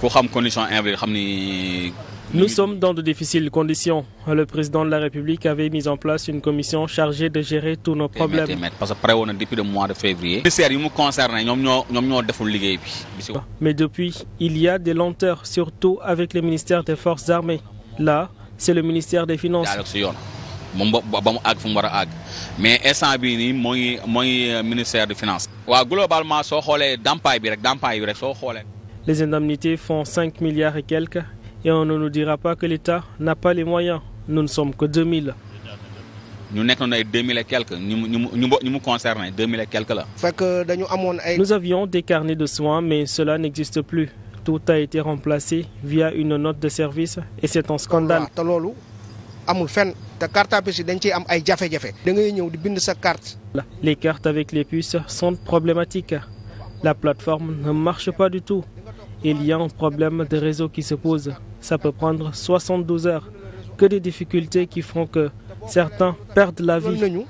ku xam condition invaincue xam ni. Nous sommes dans de difficiles conditions. Le président de la République avait mis en place une commission chargée de gérer tous nos problèmes. parce que pare woon na depuis le mois de février. ministère yi mu concerné ñoom ñoo ñoom ñoo deful liggéey bi. Mais depuis, il y a des lenteurs, surtout avec le ministère des Forces armées. Là, c'est le ministère des Finances. Dialogue si yoon moom ba ba mu àgg fu mu war a àgg mais instant bii nii moo ngi moo ngi euh, ministère des Finances. waaw globalement soo xoolee dàmpaay bi rek dàmpaay bi rek soo xoolee. Les indemnités font 5 milliards et quelques et on ne nous dira pas que l'État n'a pas les moyens. Nous ne sommes que 2000. ñu nekkoon ay deux mille et quelques ñu mu ñu mu ñu mu concerné deux mille et quelques la. fekk dañu amoon ay. nous avions des carnets de soins mais cela n'existe plus tout a été remplacé via une note de service et c'est un scandale. Ah, te loolu amul fen te carte à puce yi am ay jafe da ngay ñëw di bind sa carte. les cartes avec les puces sont problématiques la plateforme ne marche pas du tout. il y a un problème de réseau qui se pose. Ça peut prendre 72 heures. Que des difficultés qui font que certains perdent la vie.